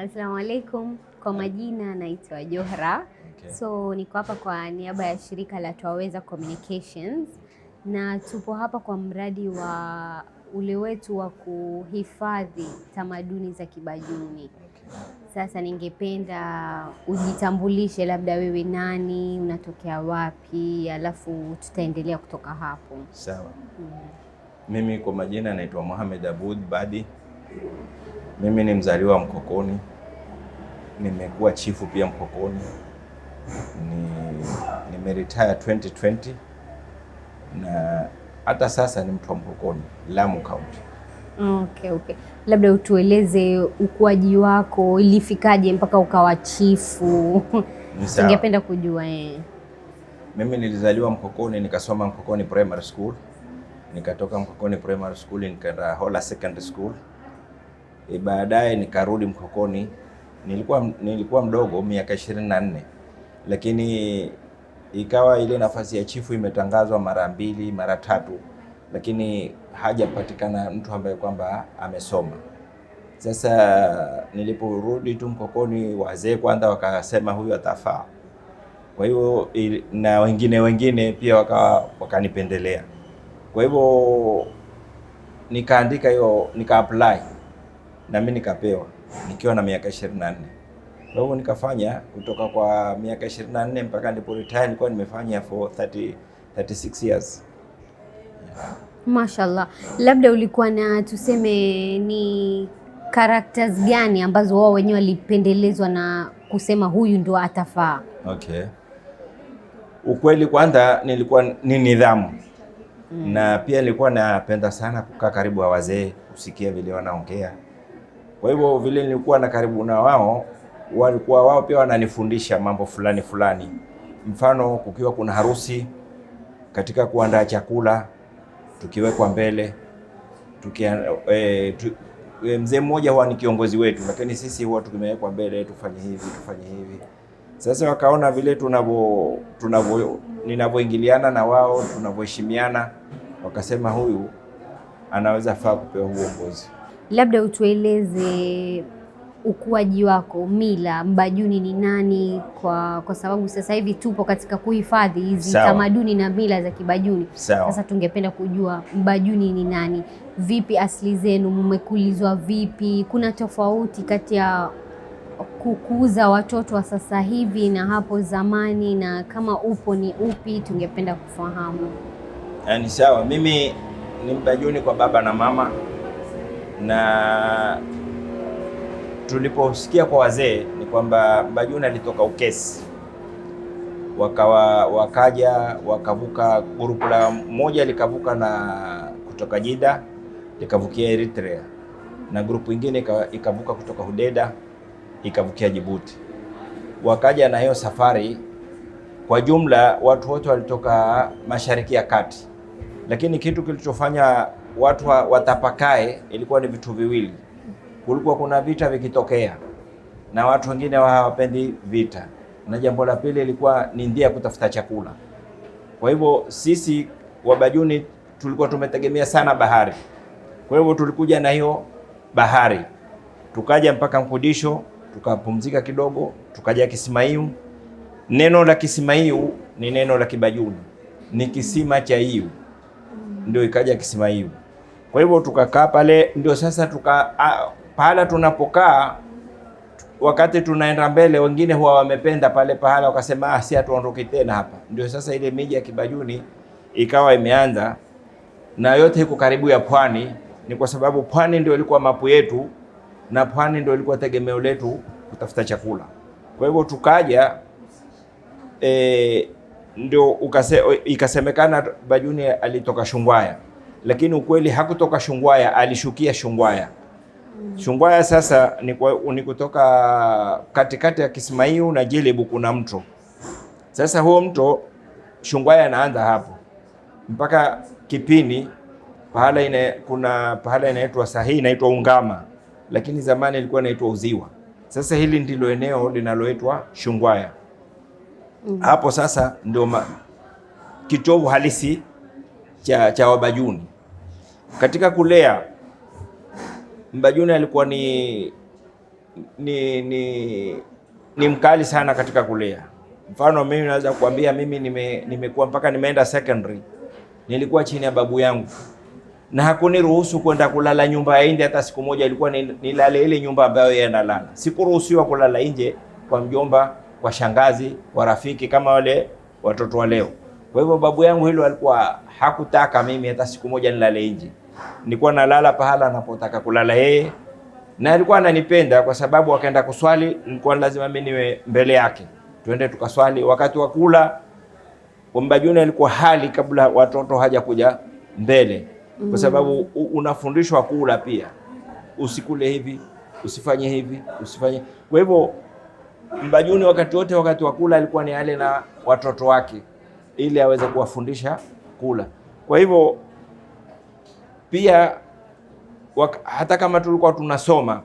Assalamu alaikum, kwa majina naitwa Johra. Okay. So niko hapa kwa niaba ya shirika la Twaweza Communications na tupo hapa kwa mradi wa ule wetu wa kuhifadhi tamaduni za Kibajuni. Sasa ningependa ujitambulishe, labda wewe nani, unatokea wapi, alafu tutaendelea kutoka hapo. Sawa. Mm. Mimi kwa majina naitwa Mohamed abud Badi mimi ni mzaliwa Mkokoni, nimekuwa chifu pia Mkokoni, nimeretire 2020 na hata sasa ni mtu wa Mkokoni, Lamu County. Okay, okay. Labda utueleze ukuaji wako ilifikaje mpaka ukawa chifu? Ningependa kujua eh. Mimi nilizaliwa Mkokoni, nikasoma Mkokoni Primary School, nikatoka Mkokoni Primary School nikaenda Hola Secondary School e, baadaye nikarudi Mkokoni. Nilikuwa, nilikuwa mdogo miaka ishirini na nne lakini ikawa ile nafasi ya chifu imetangazwa mara mbili mara tatu, lakini hajapatikana mtu ambaye kwamba amesoma. Sasa niliporudi tu Mkokoni, wazee kwanza wakasema huyu atafaa, kwa hivyo na wengine wengine pia waka, wakanipendelea. Kwa hivyo nikaandika hiyo nika apply na mimi nikapewa nikiwa na miaka 24. Kwa hiyo nikafanya kutoka kwa miaka 24 mpaka ndipo retire nilikuwa nimefanya for 30, 36 years. Mashallah. Labda ulikuwa na tuseme ni characters gani ambazo wao wenyewe walipendelezwa na kusema huyu ndo atafaa? Okay. Ukweli kwanza nilikuwa ni nidhamu. Mm. Na pia nilikuwa napenda sana kukaa karibu wa wazee, kusikia vile wanaongea kwa hivyo vile nilikuwa na karibu na wao, walikuwa wao pia wananifundisha mambo fulani fulani, mfano kukiwa kuna harusi, katika kuandaa chakula tukiwekwa mbele tukia, e, tu, e, mzee mmoja huwa ni kiongozi wetu, lakini sisi huwa tumewekwa mbele, tufanye hivi tufanye hivi. Sasa wakaona vile tunavyo tunavyo ninavyoingiliana na wao tunavyoheshimiana, wakasema huyu anaweza faa kupewa uongozi. Labda utueleze ukuaji wako, mila Mbajuni ni nani? Kwa, kwa sababu sasa hivi tupo katika kuhifadhi hizi tamaduni na mila za Kibajuni. Sasa tungependa kujua Mbajuni ni nani, vipi asili zenu, mmekulizwa vipi? Kuna tofauti kati ya kukuza watoto wa sasa hivi na hapo zamani, na kama upo ni upi? Tungependa kufahamu. Yani sawa, mimi ni Mbajuni kwa baba na mama na tuliposikia kwa wazee ni kwamba Bajuni alitoka Ukesi, wakawa wakaja wakavuka grupu la moja likavuka na kutoka Jida likavukia Eritrea na grupu ingine ikavuka kutoka Hudeda ikavukia Jibuti, wakaja na hiyo safari. Kwa jumla watu wote walitoka Mashariki ya Kati, lakini kitu kilichofanya watu watapakae, ilikuwa ni vitu viwili. Kulikuwa kuna vita vikitokea, na watu wengine hawapendi vita, na jambo la pili ilikuwa ni ndia ya kutafuta chakula. Kwa hivyo sisi Wabajuni tulikuwa tumetegemea sana bahari, kwa hivyo tulikuja na hiyo bahari, tukaja mpaka Mkudisho, tukapumzika kidogo, tukaja Kisimaiu. Neno la Kisimaiu ni neno la Kibajuni, ni kisima cha iu, ndio ikaja Kisimaiu. Kwa hivyo tukakaa pale, ndio sasa tuka pahala tunapokaa wakati tunaenda mbele, wengine huwa wamependa pale pahala, wakasema ah, si hatuondoki tena hapa. Ndio sasa ile miji ya Kibajuni ikawa imeanza na yote iko karibu ya pwani. Ni kwa sababu pwani ndio ilikuwa mapu yetu na pwani ndio ilikuwa tegemeo letu kutafuta chakula. Kwa hivyo tukaja e, ndio ikase, ikasemekana Bajuni alitoka Shungwaya lakini ukweli hakutoka Shungwaya, alishukia Shungwaya. Shungwaya sasa ni, kwa, ni kutoka katikati ya Kismayu na Jelebu kuna mto. Sasa huo mto Shungwaya anaanza hapo mpaka Kipini pahala ina, kuna pahala inaitwa sahii inaitwa Ungama, lakini zamani ilikuwa inaitwa Uziwa. Sasa hili ndilo eneo linaloitwa Shungwaya. Mm. Hapo sasa ndio kitovu halisi cha, cha Wabajuni. Katika kulea Mbajuni alikuwa ni, ni, ni, ni mkali sana katika kulea. Mfano mimi naweza kuambia mimi nime, mpaka nimeenda secondary nilikuwa chini ya babu yangu, na hakuniruhusu kwenda kulala nyumba ya nje hata siku moja. Ilikuwa nilale ile nyumba ambayo yeye analala, sikuruhusiwa kulala nje kwa mjomba, kwa shangazi, kwa rafiki kama wale watoto wa leo. Kwa hivyo babu yangu hilo alikuwa hakutaka mimi hata siku moja nilale nje nilikuwa nalala pahala anapotaka kulala yeye, na alikuwa ananipenda kwa sababu akaenda kuswali, nilikuwa lazima mimi niwe mbele yake, tuende tukaswali. Wakati wa kula mbajuni alikuwa hali kabla watoto hajakuja mbele, kwa mm. sababu unafundishwa kula pia, usikule hivi, usifanye hivi, usifanye kwa hivyo Mbajuni wakati wote, wakati wa kula alikuwa ni ale na watoto wake, ili aweze kuwafundisha kula. Kwa hivyo pia wak, hata kama tulikuwa tunasoma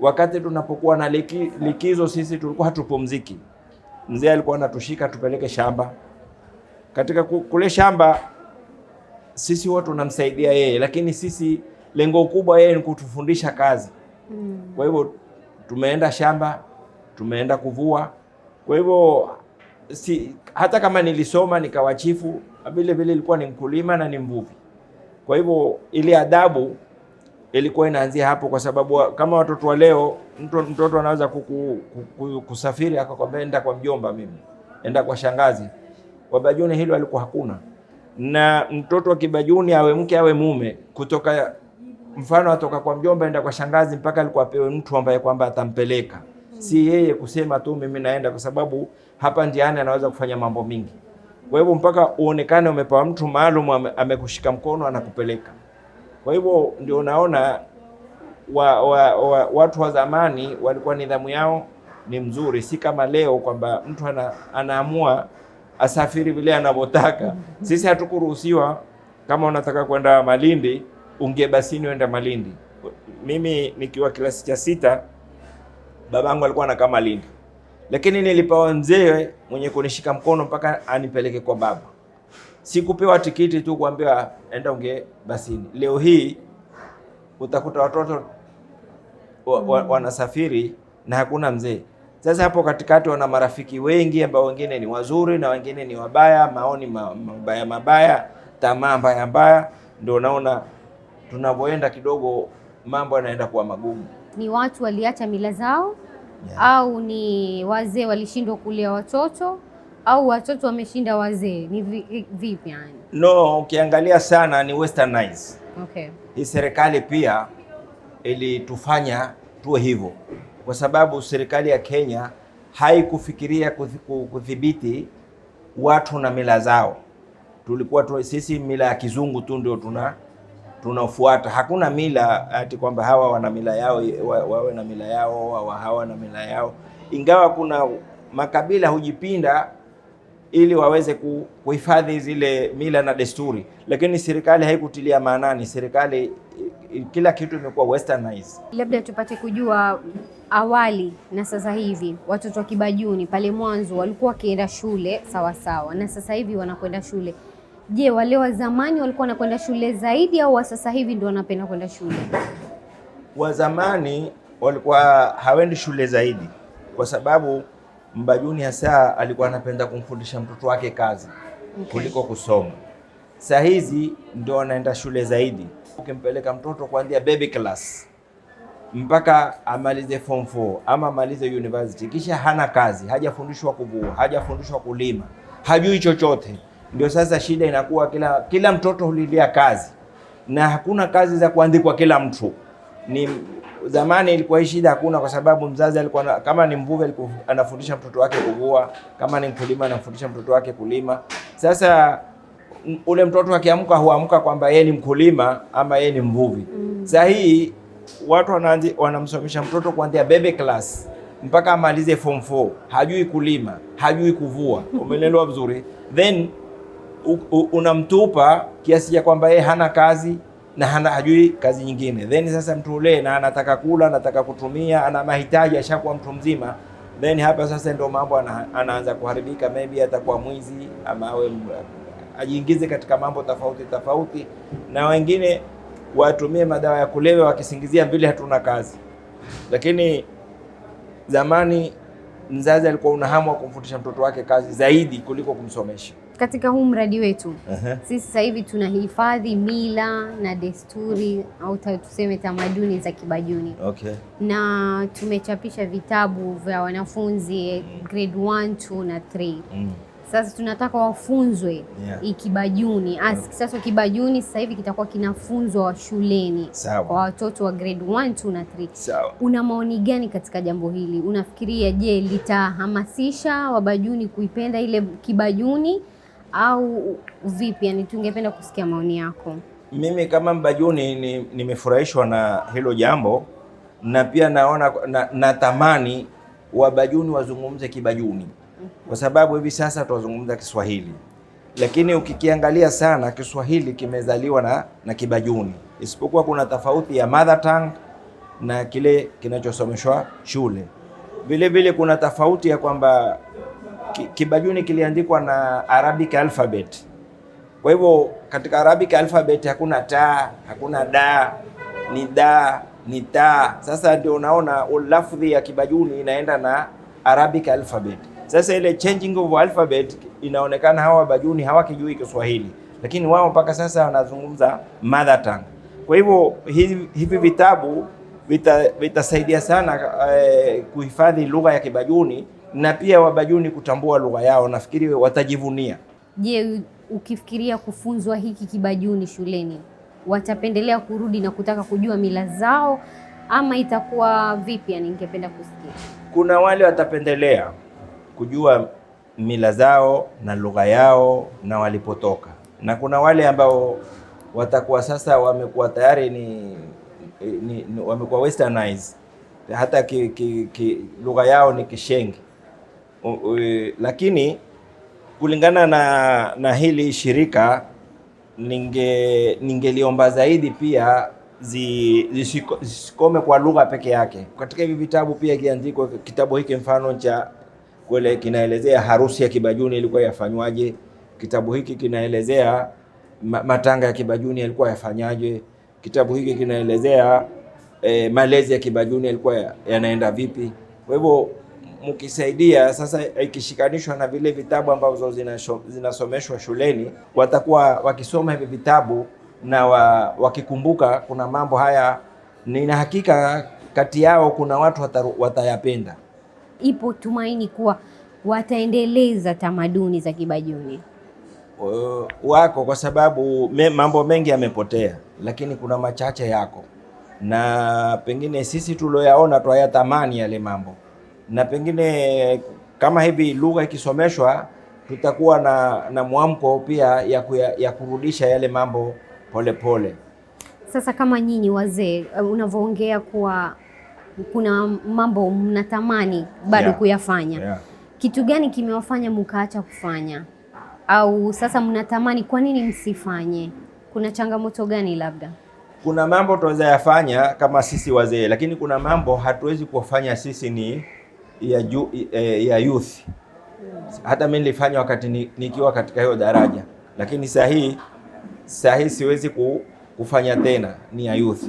wakati tunapokuwa na liki, likizo sisi tulikuwa hatupumziki. Mzee alikuwa anatushika tupeleke shamba. Katika kule shamba sisi wote tunamsaidia yeye, lakini sisi lengo kubwa yeye ni kutufundisha kazi. Mm. Kwa hivyo tumeenda shamba, tumeenda kuvua. Kwa hivyo si, hata kama nilisoma nikawa chifu, vile vile ilikuwa ni mkulima na ni mvuvi. Kwa hivyo ile adabu ilikuwa inaanzia hapo, kwa sababu kama watoto wa leo, mtu mtoto anaweza kuku, kuku, kusafiri akakwambia enda kwa mjomba, mimi enda kwa shangazi. Bajuni hilo alikuwa hakuna, na mtoto wa Kibajuni awe mke awe mume, kutoka mfano atoka kwa mjomba enda kwa shangazi, mpaka alikuwa apewe mtu ambaye kwamba atampeleka, si yeye kusema tu mimi naenda, kwa sababu hapa njiani anaweza kufanya mambo mingi. Kwa hivyo mpaka uonekane umepewa mtu maalum amekushika mkono anakupeleka. Kwa hivyo ndio unaona wa, wa, wa, watu wa zamani walikuwa nidhamu yao ni mzuri, si kama leo kwamba mtu ana, anaamua asafiri vile anavyotaka. Sisi hatukuruhusiwa kama unataka kwenda Malindi ungie basini uende Malindi. Mimi nikiwa kilasi cha sita babangu alikuwa anakaa Malindi lakini nilipewa mzee mwenye kunishika mkono mpaka anipeleke kwa baba. Sikupewa tikiti tu kuambiwa enda unge basini. Leo hii utakuta watoto mm. wanasafiri na hakuna mzee. Sasa hapo katikati wana marafiki wengi ambao wengine ni wazuri na wengine ni wabaya, maoni mabaya mabaya, tamaa mbaya mbaya, ndio naona tunavyoenda kidogo mambo yanaenda kuwa magumu. Ni watu waliacha mila zao yeah. au ni wazee walishindwa kulea watoto au watoto wameshinda wazee, ni vipi yani? No, ukiangalia sana ni westernize. Okay. Hii serikali pia ilitufanya tuwe hivyo kwa sababu serikali ya Kenya haikufikiria kudhibiti watu na mila zao. Tulikuwa tu, sisi mila ya kizungu tu ndio tuna tunafuata. Hakuna mila ati kwamba hawa wana mila yao wawe na mila yao wa hawa na mila yao, ingawa kuna makabila hujipinda ili waweze kuhifadhi zile mila na desturi, lakini serikali haikutilia maanani. Serikali kila kitu imekuwa westernized. Labda tupate kujua awali na sasa hivi, watoto wa Kibajuni pale mwanzo walikuwa wakienda shule sawasawa, na sasa hivi wanakwenda shule Je, wale wa zamani walikuwa wanakwenda shule zaidi au wa sasa hivi ndio wanapenda kwenda shule? Wa zamani walikuwa hawendi shule zaidi, kwa sababu Mbajuni hasa alikuwa anapenda kumfundisha mtoto wake kazi okay, kuliko kusoma. Saa hizi ndio wanaenda shule zaidi, ukimpeleka mtoto kuanzia baby class mpaka amalize form 4 ama amalize university, kisha hana kazi, hajafundishwa kuvua, hajafundishwa kulima, hajui chochote ndio sasa shida inakuwa kila, kila mtoto hulilia kazi na hakuna kazi za kuandikwa kila mtu. Ni zamani ilikuwa hii shida hakuna, kwa sababu mzazi alikuwa kama ni mvuvi alikuwa anafundisha mtoto wake kuvua, kama ni mkulima anafundisha mtoto wake kulima. Sasa mm, ule mtoto akiamka huamka kwamba yeye ni mkulima ama yeye ni mvuvi. Mm. Sasa hii watu wanamsomesha mtoto kuanzia baby class mpaka amalize form 4, hajui kulima, hajui kuvua. Umeelewa vizuri? Then unamtupa kiasi cha kwamba yeye hana kazi na hana hajui kazi nyingine, then sasa ule na anataka kula, anataka kutumia, ana mahitaji, ashakuwa mtu mzima, then hapa sasa ndio mambo ana, anaanza kuharibika. Maybe atakuwa mwizi ama awe ajiingize katika mambo tofauti tofauti, na wengine watumie madawa ya kulevya wakisingizia vile hatuna kazi. Lakini zamani mzazi alikuwa una hamu wa kumfundisha mtoto wake kazi zaidi kuliko kumsomesha katika huu mradi wetu uh -huh. Sisi sasa hivi tunahifadhi mila na desturi au tuseme tamaduni za Kibajuni okay. Na tumechapisha vitabu vya wanafunzi grade 1, 2 na 3 mm. Sasa tunataka wafunzwe yeah. Ikibajuni As, mm. Sasa Kibajuni sasa hivi kitakuwa kinafunzwa shuleni kwa watoto wa grade 1, 2 na 3. Sawa. Una maoni gani katika jambo hili? Unafikiria je, litahamasisha Wabajuni kuipenda ile Kibajuni au vipi? Yani tungependa kusikia maoni yako. Mimi kama Mbajuni nimefurahishwa ni na hilo jambo, na pia naona na, Wabajuni wazungumze Kibajuni kwa sababu hivi sasa tunazungumza Kiswahili, lakini ukikiangalia sana Kiswahili kimezaliwa na, na Kibajuni, isipokuwa kuna tofauti ya mother tongue na kile kinachosomeshwa shule. Vilevile kuna tofauti ya kwamba Kibajuni kiliandikwa na Arabic alphabet. Kwa hivyo katika Arabic alphabet hakuna ta, hakuna da, ni da, ni ta. Sasa ndio unaona lafdhi ya Kibajuni inaenda na Arabic alphabet. Sasa ile changing of alphabet inaonekana hawa Bajuni hawakijui Kiswahili, lakini wao mpaka sasa wanazungumza mother tongue. Kwa hivyo hivi vitabu vitasaidia vita sana eh, kuhifadhi lugha ya Kibajuni na pia Wabajuni kutambua lugha yao, nafikiri watajivunia. Je, ukifikiria kufunzwa hiki Kibajuni shuleni, watapendelea kurudi na kutaka kujua mila zao ama itakuwa vipi? Yani, ningependa kusikia. Kuna wale watapendelea kujua mila zao na lugha yao na walipotoka, na kuna wale ambao watakuwa sasa wamekuwa tayari ni, ni, ni wamekuwa westernized hata ki, ki, ki, lugha yao ni Kishengi lakini kulingana na, na hili shirika ninge ningeliomba zaidi pia zisikome zi, kwa lugha peke yake katika hivi vitabu pia kiandikwa kitabu hiki mfano cha kule kinaelezea harusi ya Kibajuni ilikuwa yafanywaje. Kitabu hiki kinaelezea matanga ya Kibajuni yalikuwa yafanyaje. Kitabu hiki kinaelezea e, malezi ya Kibajuni yalikuwa yanaenda vipi. Kwa hivyo mkisaidia sasa, ikishikanishwa na vile vitabu ambazo zinasomeshwa shuleni, watakuwa wakisoma hivi vitabu na wa, wakikumbuka kuna mambo haya, nina hakika kati yao kuna watu wataru, watayapenda. Ipo tumaini kuwa wataendeleza tamaduni za Kibajuni wako kwa sababu me, mambo mengi yamepotea, lakini kuna machache yako, na pengine sisi tulioyaona twayatamani yale mambo na pengine kama hivi lugha ikisomeshwa tutakuwa na, na mwamko pia ya, kuya, ya kurudisha yale mambo polepole pole. Sasa kama nyinyi wazee uh, unavyoongea kuwa kuna mambo mnatamani bado yeah, kuyafanya yeah. Kitu gani kimewafanya mkaacha kufanya au sasa mnatamani kwa nini msifanye? Kuna changamoto gani? Labda kuna mambo tunaweza yafanya kama sisi wazee, lakini kuna mambo hatuwezi kufanya sisi ni ya, ju, e, ya youth hata mimi nilifanya wakati nikiwa katika hiyo daraja, lakini saa hii saa hii siwezi kufanya tena, ni ya youth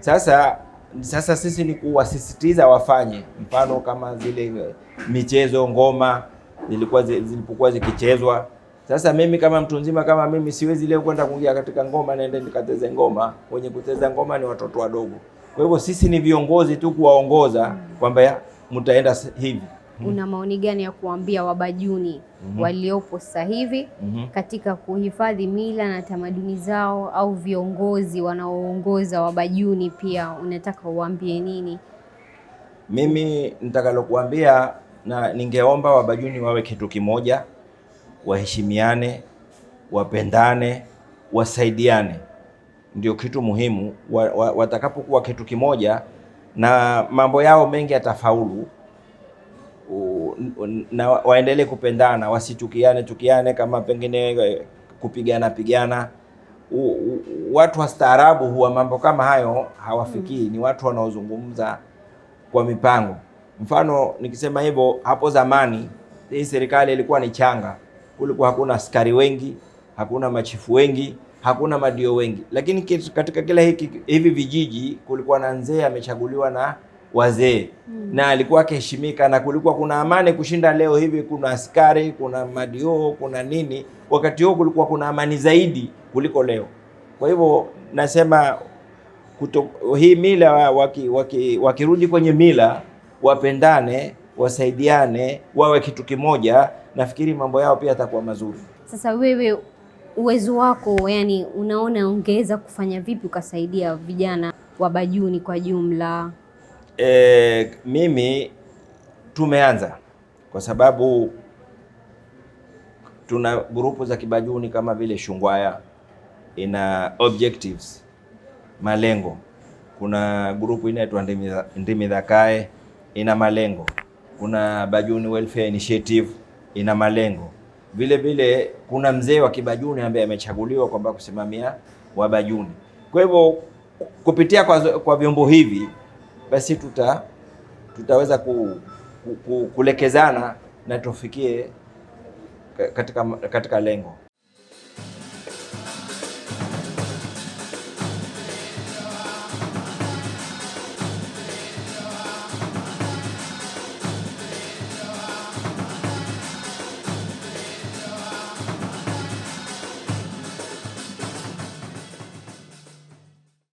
sasa. Sasa sisi ni kuwasisitiza wafanye, mfano kama zile e, michezo ngoma zilikuwa zilipokuwa zikichezwa. Sasa mimi kama mtu mzima kama mimi siwezi leo kwenda kuingia katika ngoma, naende nikateze ngoma. Wenye kucheza ngoma ni watoto wadogo. Kwa hivyo sisi ni viongozi tu kuwaongoza kwamba mtaenda hivi. Mm-hmm. Una maoni gani ya kuambia Wabajuni mm -hmm. waliopo sasa hivi mm -hmm. katika kuhifadhi mila na tamaduni zao au viongozi wanaoongoza Wabajuni pia unataka uambie nini? Mimi nitakalokuambia na ningeomba Wabajuni wawe kitu kimoja, waheshimiane, wapendane, wasaidiane, ndio kitu muhimu. Watakapokuwa wa, kitu kimoja na mambo yao mengi yatafaulu na waendelee kupendana, wasichukiane chukiane, kama pengine eh, kupigana pigana. Watu wastaarabu huwa mambo kama hayo hawafikii mm. Ni watu wanaozungumza kwa mipango. Mfano nikisema hivyo, hapo zamani hii serikali ilikuwa ni changa, kulikuwa hakuna askari wengi, hakuna machifu wengi hakuna madio wengi, lakini katika kila hiki, hivi vijiji kulikuwa na mzee amechaguliwa na wazee mm. na alikuwa akiheshimika na kulikuwa kuna amani kushinda leo hivi. Kuna askari, kuna madio, kuna nini. Wakati huo kulikuwa kuna amani zaidi kuliko leo. Kwa hivyo nasema kuto, hii mila wakirudi waki, wakirudi kwenye mila, wapendane, wasaidiane, wawe kitu kimoja, nafikiri mambo yao pia yatakuwa mazuri. Sasa wewe uwezo wako, yani unaona ungeweza kufanya vipi ukasaidia vijana wa Bajuni kwa jumla? E, mimi tumeanza kwa sababu tuna grupu za kibajuni kama vile Shungwaya ina objectives malengo. Kuna grupu inaitwa Ndimi ina malengo. Kuna Bajuni Welfare Initiative ina malengo vile vile kuna mzee wa Kibajuni ambaye amechaguliwa kwamba kusimamia Wabajuni. Kwa hivyo kupitia kwa, kwa vyombo hivi basi tuta tutaweza ku, ku, ku, kulekezana na tufikie katika, katika lengo.